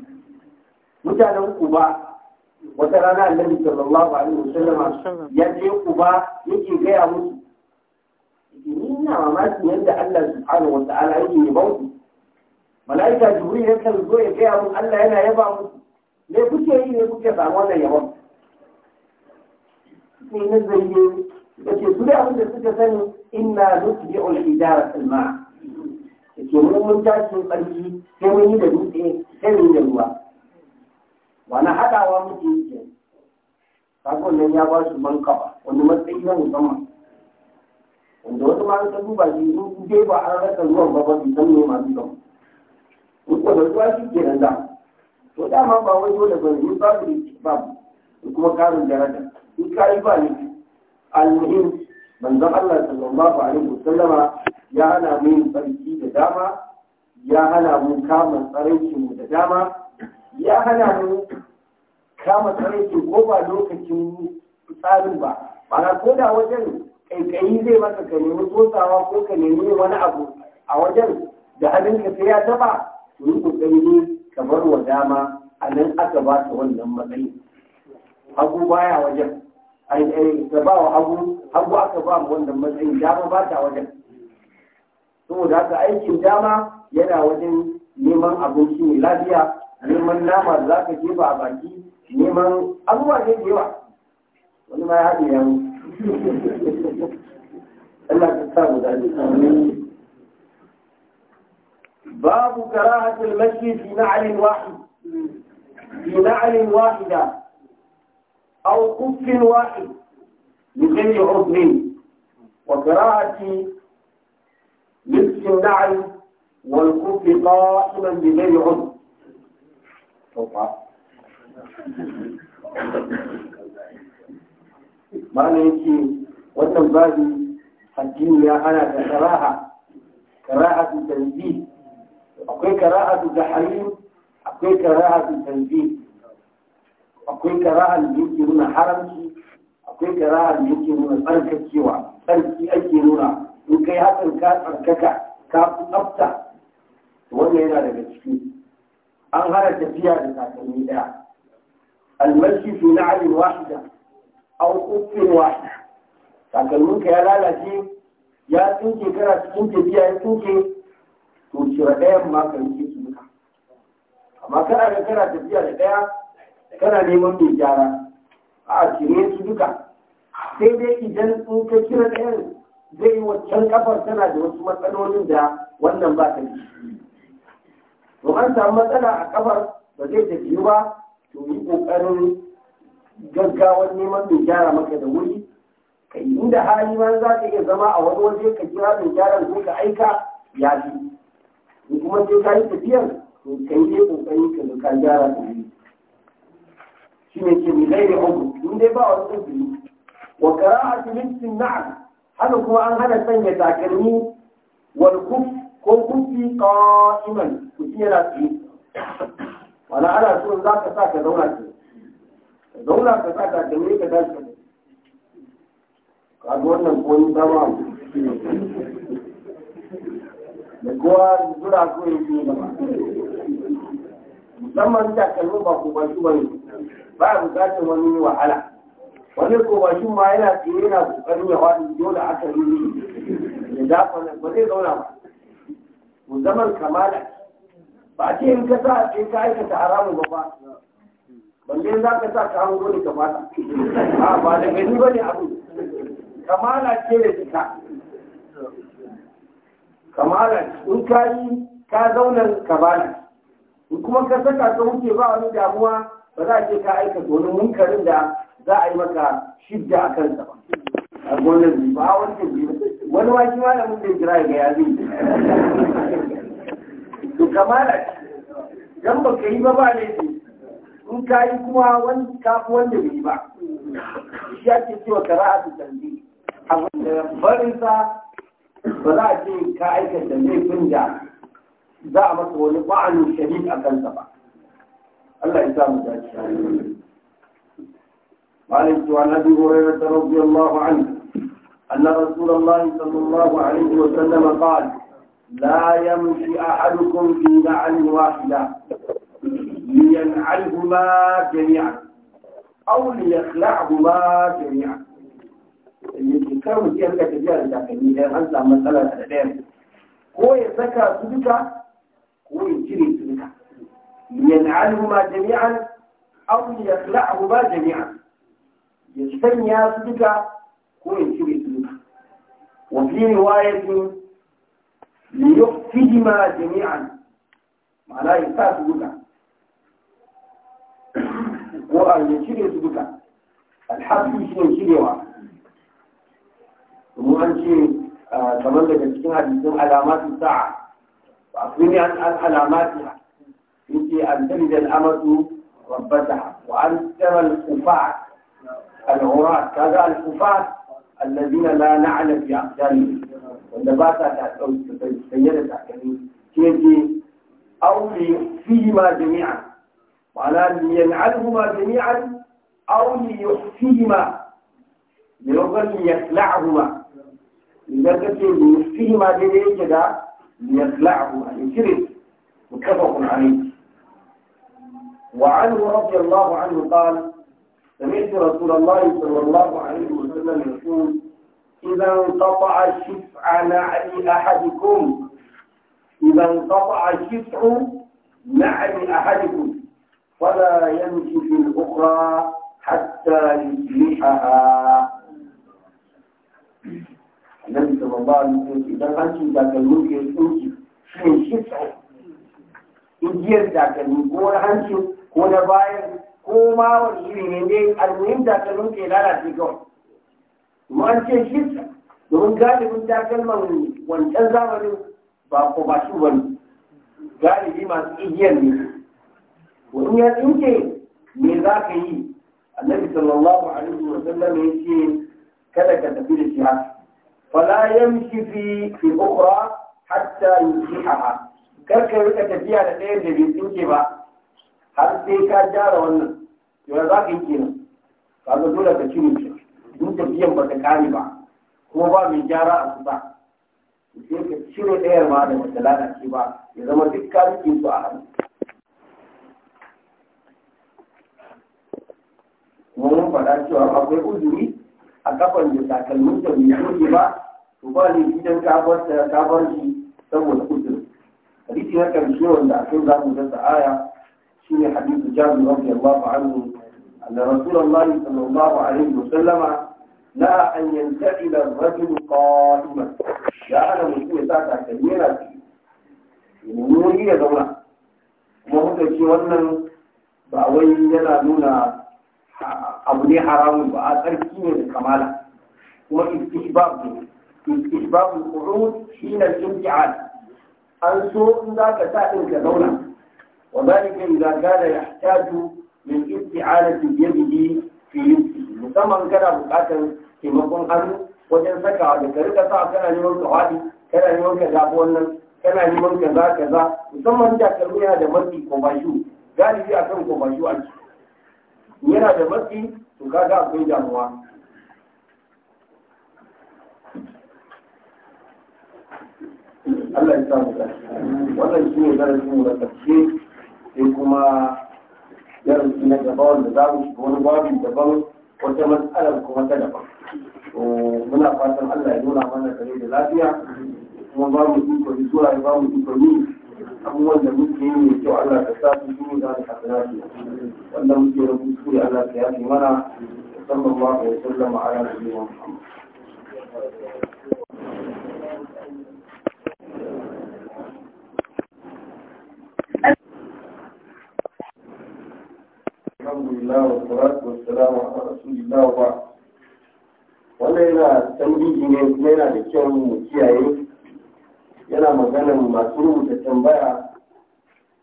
mutanen ku ba. wata rana annabi sallallahu alaihi wasallam ya je kuba yake gaya musu ni ina mamakin yadda Allah subhanahu wa ta'ala yake ba ku mala'ika jibril ya kan zo ya gaya mun Allah yana yaba musu me kuke yi ne kuke samu wannan yabon ne na yi da ke su da abin da suka sani inna nutbi'u al-idara al-ma'a yake mun mun tashi tsarki sai mun yi da dutse sai mun yi da ruwa wani haɗawa mutu yake kaga wannan ya ba su manka wani matsayi na musamman wanda wasu ma ta duba shi in dai ba an rasa ruwan ba ba su san me masu zama in ko da ruwa shi nan da to dama ba wai dole ba ne babu ba kuma karin daraja in ka yi ba ne almuhim manzon Allah sallallahu alaihi wasallama ya hana mu yin da dama ya hana mu kama tsaraicin mu da dama ya hana mu kama tsarki ko ba lokacin tsarin ba mana ko da wajen kaikayi zai maka ka nemi tsotsawa ko ka nemi wani abu a wajen da ka sai ya taba su yi kokari ne ka bar wa dama a nan aka ba ta wannan matsayi hagu baya wajen da ba wa hagu hagu aka ba mu wannan matsayi dama ba ta wajen saboda haka aikin dama yana wajen neman abinci mai lafiya neman nama da za ka jefa a baki neman abubuwa ne da yawa wani ma ya haɗe ya mu Allah ka sa mu dace babu karahatul mashi fi na'alin wahid fi na'alin wahida aw kuffin wahid li ghayri udhrin wa karahati لبس النعل والكف قائما بغير عذر ma'ana yake wannan babi addini ya hana da karaha su tanzi akwai da tahrim akwai su tanzi, akwai kara'an da yake nuna haramci akwai kara'an da yake nuna tsarkakewa tsarki ake nuna in kai hakan ka tsarkaka ka tsafta wannan yana daga ciki an hana tafiya da takalmi ɗaya su na abin wahida aw ukkin wahida takalmin ka ya lalace ya tunke kana cikin tafiya ya tunke, to shira ɗayan ma ka yi su duka amma kana da kana tafiya da ɗaya kana neman mai gyara a cire su duka sai dai idan sun ka kira ɗayan zai yi waccan kafar tana da wasu matsalolin da wannan ba ta da to an samu matsala a kafar ba zai tafi ba to yi kokarin gaggawar neman mai gyara maka da wuri ka yi inda hali ma za ka iya zama a wani waje ka kira mai gyara ko ka aika ya fi in kuma sai ka yi tafiyar to ka yi dai kokari ka ka gyara da wuri shi ne ke mai yi abu in dai ba wani tsibiri wa a tilin na'am haka kuma an hana sanya takalmi wal kuf ko kunci qa'iman ku ji yana tsaye Wani ana so za ka sa ka zauna ke ka zauna ka sa ka dame ka tashi ka ga wannan ko ni dama da kowa zura ko ya ce gaba musamman da kalmi ba ku ba ba ne ba a bukatar wani wahala wani ko ba shi ma yana tsaye yana kokarin ya wani dole aka yi ya dafa ba zai zauna ba ku zaman kamala ba ce in ka sa in ka aikata haramun ba ba balle za ka sa ka hango ne ka fata a ba da gani ba ne abu kamala ce da cika kamala in ka yi ka zaunan kamala in kuma ka saka ka wuce ba wani damuwa ba za ce ka aikata wani munkarin da za a yi maka shidda a kansa ba a gonar ba wani wani waki ma da mun da jira ga yazi to kamala ce dan ba ka yi ba ba in ka yi kuma wani kafi wanda bai ba shi ake cewa kara'a su tambi a wanda ba za a ce ka aikata laifin da za a masa wani ba'anin shari'a a kansa ba Allah ya sa mu dace مالك عن ابي هريره رضي الله عنه ان رسول الله صلى الله عليه وسلم قال لا يمشي أحدكم في نعل واحدة لينعلهما جميعا أو ليخلعهما جميعا kar mu iya rika tafiya da takalmi idan an samu matsala da ɗaya. ko ya saka su duka ko ya cire su duka yan'alhu ma jami'an aw yakhla'hu ma jami'an ya sanya su duka ko ya cire su duka wa fi riwayatin ليؤتهما جميعا ma'ana ya sa su duka ko a ya cire su duka alhafi shi ne cirewa domin an ce kamar daga cikin hadisin alamatu sa'a ba su ne an alamati yake an tari da al'amatu rabbata wa الذين لا نعلم في wanda ba sa ta sanye da takalmi ke ce auli fi ma jami'a ma'ana yan'alhuma jami'an auli yusfihima da lokacin yasla'ahuma idan ka ce yusfihima daidai yake da yasla'ahuma ya cire متفق عليه وعنه رضي الله عنه قال سمعت رسول الله صلى الله عليه وسلم يقول إذا انقطع الشفع نعل أحدكم إذا انقطع الشفع نعل أحدكم فلا يمشي في الأخرى حتى يصلحها النبي صلى الله عليه وسلم إذا أنت ذاك الملك يسوس في الشفع إجير ذاك الملك وأنت هنا باير كوما والإيرين المهم ذاك الملك لا لا تقول kuma an ce shifta domin galibin takalman wancan zamanin ba ko ba shi wani galibi masu igiyar ne wani ya tsinke me za ka yi annabi sallallahu alaihi wa sallam ya ce kada ka tafi da shi ha fala yamshi fi fi ukhra hatta yusiha kar ka rika tafiya da ɗayan da bai tsinke ba har sai ka gyara wannan yau za ka yi kenan ka zo dole ka cire in tafiyan ba ta kare ba ko ba mai gyara a kusa sai ka cire ɗayar ma da wata lalace ba ya zama duk karikin su a hannu kuma mun faɗa cewa akwai uzuri a kafan da takalmin da mai kuɗe ba to ba ne gidan idan ka bar shi saboda uzuri hadisi na karshe wanda a kai za mu dasa aya shi ne shine hadisu jami'in ba Allah fa'alu ان رسول الله صلى الله عليه وسلم لا أن ينتقل الرجل قائما لا أنا مسلم ساعة كبيرة nuni ya zauna kuma muka ce wannan ba wai yana nuna abu ne haramun ba a tsarki ne kamala kuma istihbab ne istihbab al-qu'ud hina al an so in za ka sa din ka zauna wa zalika idza kana yahtaju min isti'alati bi yadihi fi musamman kana buƙatar taimakon hannu wajen saka da ka rika sa kana neman ka wadi kana neman ka zaɓi wannan kana neman kaza kaza musamman takalmi yana da matsi ko bashu galibi akan ko bashu ake yana da matsi to kaga akwai damuwa Allah ya samu da wannan shi ne darasin mu da ƙarshe sai kuma darasi na gaba wanda za mu shiga wani babin daban wata matsalar kuma ta daban Eh, muna fatan Allah ya nuna mana kare da lafiya kuma ba mu iko yi zuwa ya ba mu iko yi abubuwan da muke yi mai kyau Allah ka sa su shi da ka tsara su wanda muke rubutu ya Allah ka yafi mana sallallahu alaihi wasallam ala nabiyyi Muhammad الحمد لله والصلاة والسلام على رسول الله وبعد wannan yana tambiji ne kuma yana da kyau mu kiyaye yana maganar masu rubuta tambaya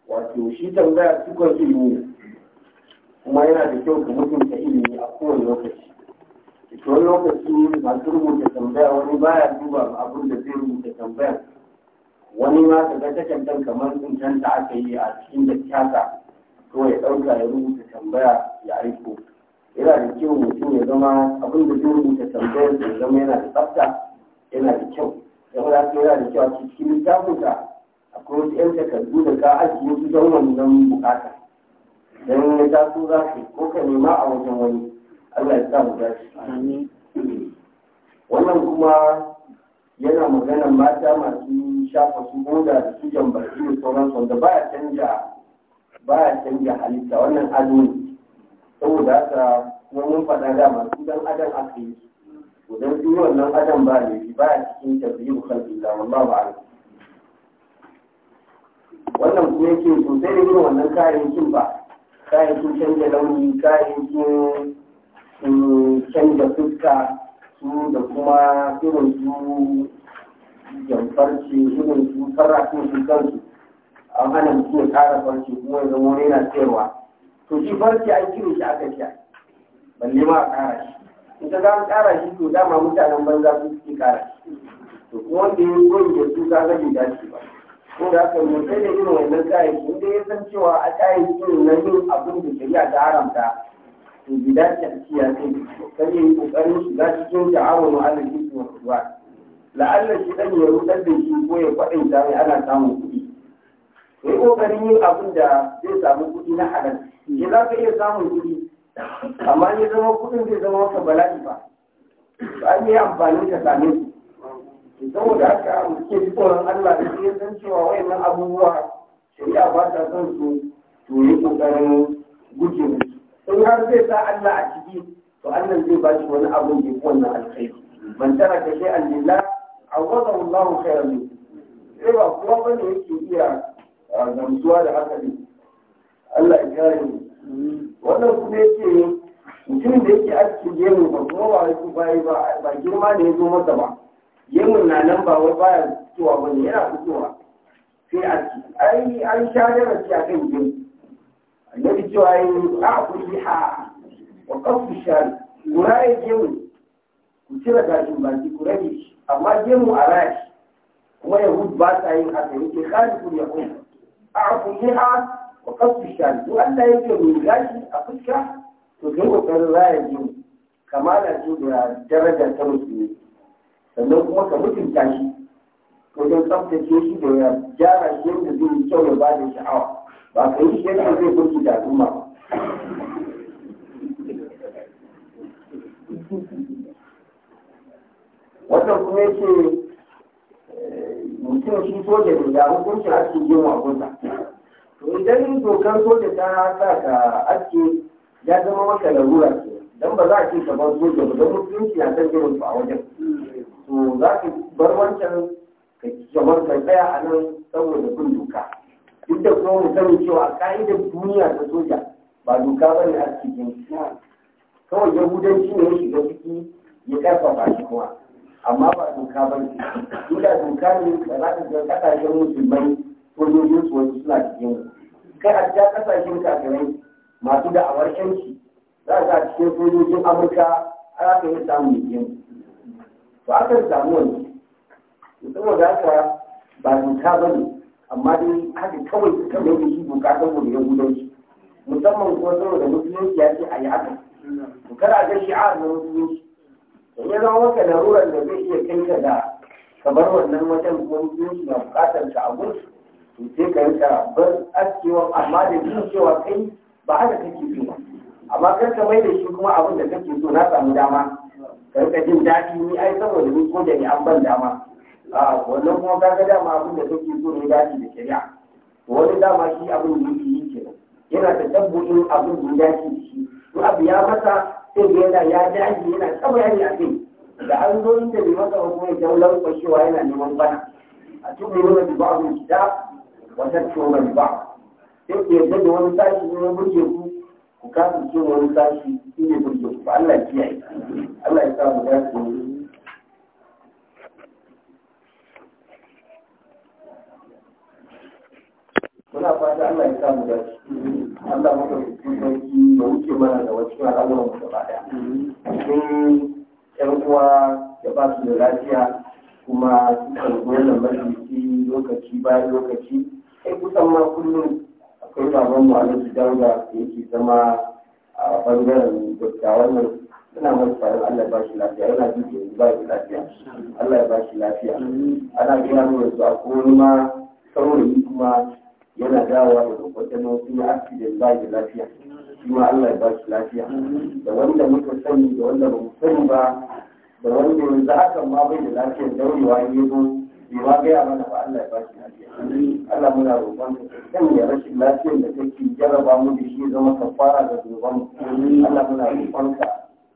wato shi tambaya cikon ilimi kuma yana da kyau ka mutunta ilimi a kowane lokaci ita wani lokaci masu rubuta tambaya wani baya duba abin da zai rubuta tambaya wani ma ka ga takantan kamar canta aka yi a cikin da kyasa kawai ɗauka ya rubuta tambaya ya aiko yana da kyau mutum ya zama abin da zai rubuta tambayar da zama yana da tsafta yana da kyau ya fara yana da kyau a cikin littafinka akwai wasu 'yan takardu da ka ajiye su don wannan bukata don ya taso za ka ko ka nema a wajen wani Allah ya sa mu dace wannan kuma yana magana mata masu shafa su goda da su jambaki da sauransu wanda baya canja baya canja halitta wannan ado ne saboda haka kuma mun faɗa dama su dan adam aka yi to dan su wannan adam ba ne ba a cikin tazyibu khalqillah wallahu a'lam wannan kuma yake sosai da irin wannan kayayyakin ba kayayyakin canja launi kayayyakin mm, canja fuska su da kuma irin su jamfarci irin su sarrafin su kansu an hana mutum ya kara farce kuma ya zama yana cewa to shi farce an kiri shi aka sha balle ma a ƙara shi in ka ga an ƙara shi to dama mutanen banza su suke ƙara shi to kuma wanda ya ko ya su ka ga bai dace ba ko da haka mu sai da irin wannan kayayyaki in dai ya san cewa a kayayyaki irin na yin abin da shari'a ta haramta to bai dace a ci ya kai kar yi ƙoƙarin shiga cikin sha'awar mu'allafin su wasu ba la'allar shi dan ya rudar da shi ko ya kwaɗaita mai ana samun kuɗi ko yi ƙoƙarin yin abin da zai samu kuɗi na halal ya za ka iya samun kuɗi amma ya zama kudin zai zama wata bala'i ba ba yi amfani da same su saboda haka muke tsoron Allah da ya san cewa wayannan abubuwa shari'a ba ta son su to yi kokarin guje musu in har zai sa Allah a ciki to Allah zai ba shi wani abin da yake wannan alkhairi man tara ka shi an wata Allahu khairan min sai ba kuma bane yake iya ah, gamsuwa da haka ne Allah ya kare mu wannan kuma yake mutum da yake aski gemu ba kuma ba wasu bayi ba girma ne ya zo masa ba gemun na nan ba wai baya fitowa ba ne yana fitowa sai aski ai an sha darasi a kan gemu annabi cewa yi a kulli ha wa kafu shari lura ya gemu ku cire gashin baki ku rage shi amma gemu a rashi kuma yahud ba sa yin haka yake khalifu yahud a kulli ha wa kasu shani duk Allah ya ce mai gashi a fuska to kai kokarin raya jini kamala ce da daraja ta musulmi sannan kuma ka mutunta shi wajen tsaftace shi da ya gyara shi yadda zai yi kyau ya ba da sha'awa ba ka yi shi yadda zai burki da ba. Wannan kuma yake eh, mutum shi soja ne da hukuncin ake yin wakunsa. idan dokar soja ta sa ka aske ya zama maka larura ce dan ba za a ce ka soja ba don musulunci ya san girin a wajen to za ka bar wancan ka kamar kai tsaya a nan saboda bin doka duk da kuma mutum sani cewa ka'idar duniya ta soja ba doka ba ne a cikin kawai yahudanci ne ya shiga ciki ya karfafa shi kuma amma ba doka ba ne da doka ne da za ka ga kasashen musulmai sojojin su wasu suna cikin kai a cikin kasashen kafirai masu da'awar yanci za a cikin sojojin amurka a za aka yi samun ba to aka samu wani za ka ba doka ba ne amma dai haka kawai ka mai da shi doka saboda yahudanci musamman kuma saboda musulunci ya ce a yi haka to kada a ga shi'ar na musulunci da ya zama maka larurar da zai iya kai ka da kamar wannan wajen kuma musulunci na bukatar ka a gudu to sai ka rika bar askewa amma da jin cewa kai ba haka kake so ba amma kar ka mai da shi kuma abin da kake so na samu dama ka rika jin daɗi ni ai saboda ni ko da ni an ban dama a wannan kuma ka ga dama abin da kake so ne daɗi da shari'a wani dama shi abin da yake yi kenan yana da tabbobin abin da ya dace da shi to abu ya masa sai ga yana ya dace yana tsaba yani a kai da an zo inda bai masa ba kuma ya jawo lankwashewa yana neman bana a cikin wani babu kitab wajen tsoron ba sai ku yarda da wani sashi ne ya burge ku ku kasance ce wani sashi ne burge ku ba Allah kiyaye zama a ɓangaren dattawan nan suna mai faru Allah ba shi lafiya yana jiki yanzu ba shi lafiya Allah ya ba shi lafiya ana gina mai yanzu a kowani ma saurayi kuma yana dawowa da kwakwatano sun yi accident ba shi lafiya shi ma Allah ya ba shi lafiya da wanda muka sani da wanda ba mu sani ba da wanda yanzu hakan ma bai da lafiyar daurewa ya zo ba gaya mana ba Allah ya ba shi lafiya Allah muna roƙon ka kan ya rashin lafiyar da kake jarraba mu da shi zama kafara ga zuban Allah muna roƙon ka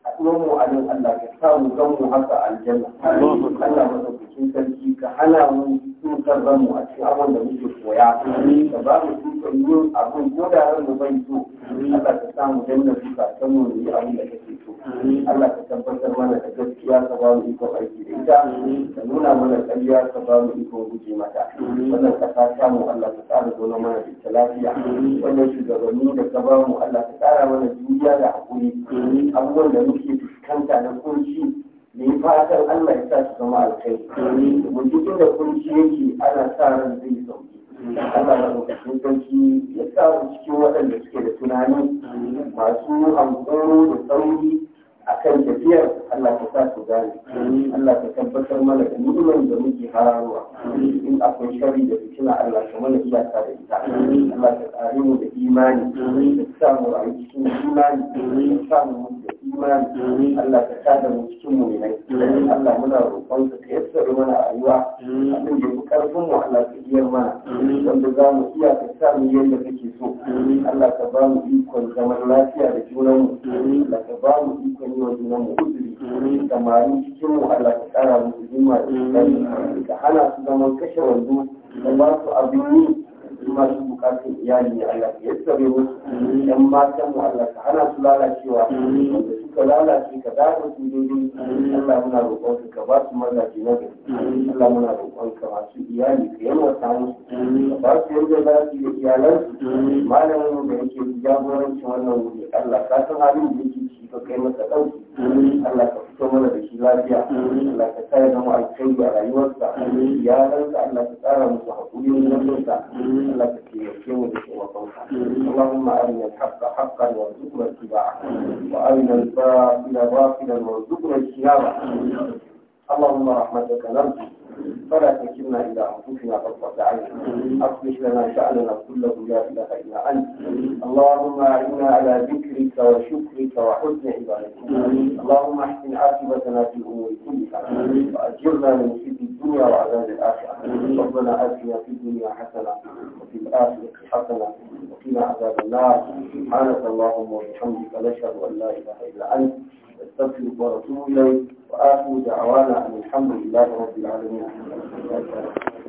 haɗuwar mu a Allah ka sa mu gan mu haka aljanna Allah madaukakin sarki ka hana mu tutar ran mu a cikin abin da muke koya ka ba mu tutar yin abin ko da ran mu bai so Allah ka sa mu danna suka san mu yi abin da kake Allah ka tabbatar mana da gaskiya ka ba mu iko aiki da ita ka nuna mana ƙarya ka ba mu iko guje mata wannan ƙasa ta mu Allah ta tsara zama mana da ita lafiya wannan shugabanni da ka ba mu Allah ta tsara mana juriya da haƙuri abubuwan da muke fuskanta na kunci da yi fatan Allah ya sa su zama alkhairi mun cikin da kunci yake ana sa ran zai sauki Allah da lokacin sarki ya sa cikin waɗanda suke da tunani masu amfani da sauri akan tafiyar Allah ka sa su gane Allah ka tabbatar mana da ni'imar da muke hararwa. in akwai shari da fitina Allah ka mana iyaka da ita Allah ka tsare mu da imani ka sa rayu cikin imani ka sa mu imani Allah ka mu cikin mu ne Allah muna roƙon ka ka mana rayuwa abin da ku karfin mu Allah ka mana wanda za mu iya ka sa mu yadda kake so Allah ka ba mu ikon zaman lafiya da junan mu Allah ka ba mu ikon yi wa junan mu uzuri cikin mu Allah ka da hana su zaman kashe da ba su abin yi masu bukatun iyali ne Allah musu ‘yan matan mu Allah ka hana su lalacewa Ka lalace ka dawo su daidai Allah muna roƙon ka ba su mazaje na gari Allah muna roƙon ka masu iyali ka yalwata musu ka ba su yadda za su yi iyalansu malamin da yake jagorancin wannan wuri Allah ka san halin da yake ciki ka kai masa ɗauki Allah ka fito mana da shi lafiya Allah ka sa ya zama alkhairi a rayuwarsa iyalansa Allah ka tsara musu haƙuri wajensa Allah ka taimake mu da taimakonka Allahumma arina al-haqqa haqqan warzuqna ittiba'a wa arina al باطلا باطلا وارزقنا اجتنابه اللهم رحمتك لنا فلا تكلنا إلى أنفسنا طرفة عين أصلح لنا شأننا كله لا إله إلا أنت اللهم أعنا على ذكرك وشكرك وحسن عبادتك اللهم احسن عاقبتنا في الأمور كلها وأجرنا من خزي الدنيا وعذاب الآخرة ربنا آتنا في الدنيا حسنة وفي الآخرة حسنة وقنا عذاب النار سبحانك اللهم وبحمدك نشهد أن لا إله إلا أنت نستغفرك ونتوب إليك وآخر دعوانا أن الحمد لله رب العالمين